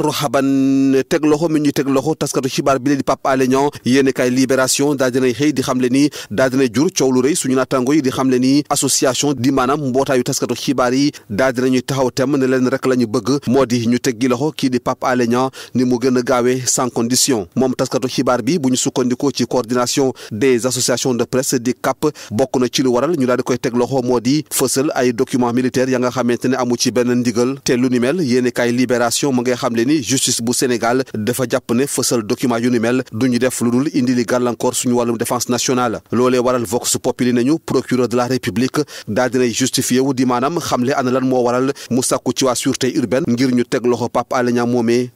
marhaban teg loxo mi ñu teg xibaar bi di Pape Alé Niang yéeni kaay libération xëy di xam le ni jur coow lu rëy suñu naataango yi di xam le ni association di maanaam mbootaayu taskatu xibaar yi taxaw tem ne leen rek bëgg moo di ñu teggi loxo kii di Pape Alé ni mu gën a gaawee sans condition moom taskatu xibaar bi bu ñu sukkandikoo ci coordination des associations de presse di CAP bokk na ci lu waral ñu daal ya nga xamante ne amu xamle ni justice bu Sénégal dafa jàpp ne fësal document yu ni mel duñu def lu dul indi li suñu wàllum défense nationale loolee waral vox populi nañu procureur de la république daal dinay justifié di maanaam xamle ana lan moo waral mu sàkku ci waa sûreté urbaine ngir ñu teg loxo Pape Alé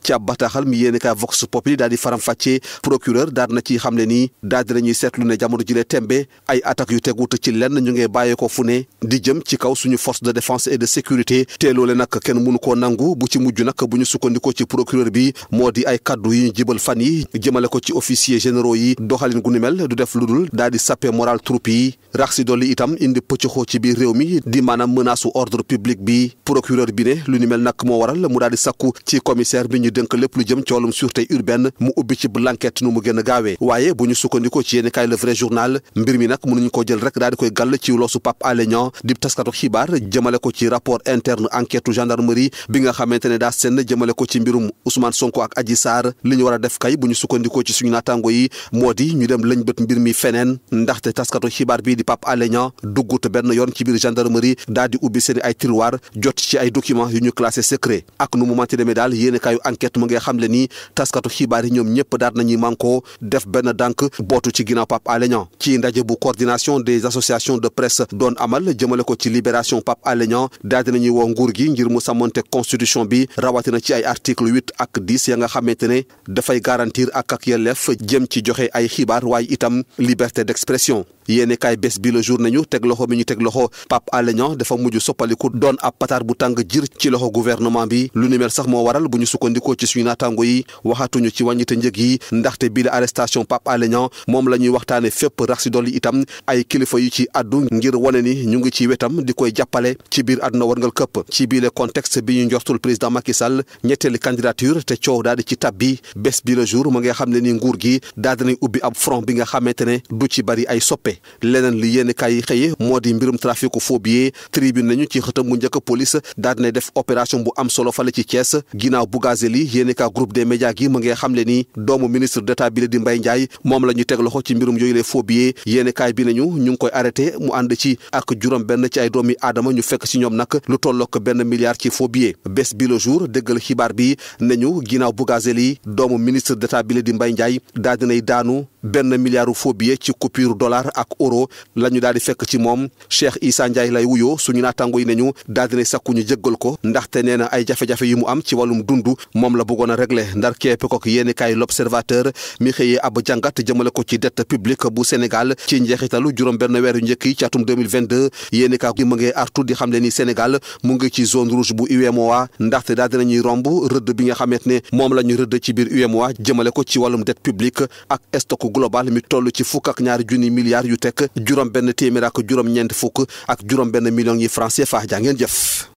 ci ab bataaxal mi yéene kaa vox populi daal faram-fàccee procureur daal na ci xamle ni daal dinañuy seetlu ne jamono jile tembe ay attaques yu tegut ci ci procureur bi moo di ay kaddu yu ñu jibal fan yi jëmale ko ci officier généraux yi doxalin gu ni mel du def lu dul daal di sappe moral troupe yi rax dolli itam indi pëccëxoo ci biir réew mi di maanaam menace ordre public bi procureur bi ne lu ni mel nag moo waral mu daal di sakku ci commissaire bi ñu dënk lépp lu jëm ci wàllum urbaine mu ubbi ci l'enquête nu mu gën gaawee waaye bu ñu sukkandikoo ci yéeni kaay le vrai journal mbir mi nag mënuñu ko jël rek daal di koy gàll ci loosu ko ci rapport interne enquête gendarmerie nga xamante ne daa senn jëmale ko ci ci mbirum Ousmane Sonko ak Adji Sarr li ñu war a def kay bu ñu sukkandikoo ci suñu naataango yi moo di ñu dem lañ bët mbir mi feneen ndaxte taskatu xibaar bii di Pape Alé Niang duggut benn yoon ci biir gendarmerie daal di ubbi seen ay tiroir jot ci ay documents yu ñu classé secret ak nu mu manti demee daal yéen kaayu enquête mu ngi xam le ni taskatu xibaar yi ñoom ñëpp daal nañuy mànkoo def benn dànk bootu ci ginnaaw pap Alé Niang ci ndaje bu coordination des associations de presse doon amal jëmale ko ci libération Pape Alé Niang daal dinañuy woo gi ngir mu sàmmonte constitution bi article huit ak dix ya nga xamante ne dafay garantir ak ak yelleef jëm ci joxe ay xibaar waaye itam liberté d'expression yéene kaay bés bi la jour nañu teg loxo bi ñu teg loxo Pape Alé Niang dafa mujj soppaliku doon ab pataar bu tàng jir ci loxo gouvernement bi lu ni mel sax moo waral bu ñu sukkandikoo ci suñu naataango yi waxatuñu ci wàññite njëg yi ndaxte bii la arrestation Pape Alé moom la ñuy waxtaane fépp rax si dolli itam ay kilifa yu ci addu ngir wane ni ñu ngi ci wetam di koy jàppale ci biir àdduna warngal këpp ci biir le contexte bi ñu njortul président Macky Sall ñetteeli candidature te coow daal di ci tab bi bi le jour mu nga xam ne ni nguur gi daal dinay ubbi ab front bi nga xamante ne du ci bari ay soppe leneen li yéen kaay yi xëye moo di mbirum traficu faux billets tribune nañu ci xëtam mu njëkk police daal dinay def opération bu am solo fale ci Thiès ginnaaw Bougazelli yéen kaa groupe des médias gi mu ngi xamle ni doomu ministre d'état bi di mbay Ndiaye moom la ñu teg loxo ci mbirum yooyu les faux billets bi nañu ñu ngi koy arrêté mu ànd ci ak juróom benn ci ay doomi aadama ñu fekk si ñoom nag lu tollook benn milliard ci faux billets bés bi le jour déggal xibaar bi nañu ginnaaw Bougazelli doomu ministre d'état bi la di Mbaye Ndiaye daal dinay daanu benn milliard faux ci coupure dollar ak euro la ñu daal di fekk ci moom Cheikh Issa lay wuyoo suñu naataango yi ne ñu daal di ne sakku ñu jéggal ko ndaxte nee na ay jafe-jafe yi mu am ci wàllum dund moom la bëggoon a régler ndar keepe kook yenn kaay l'observateur mi xëyee ab jàngat jëmale ko ci dette publique bu Sénégal ci njeexitalu juróom benn weer yu njëkk yi ci atum 2022 yéeni kaay mu ngi artu di xam le ni Sénégal mu ngi ci zone rouge bu UEMOA ndaxte daal dinañuy romb rëdd bi nga xamante ne moom la ñu rëdd ci biir UEMOA jëmale ko ci wàllum dette publique ak stock global mi toll ci fukk ak ñaari junni milliards yu tekk juróom benn téeméer ak juróom ñeent fukk ak jurom benn millions yi francs CFA ngeen jëf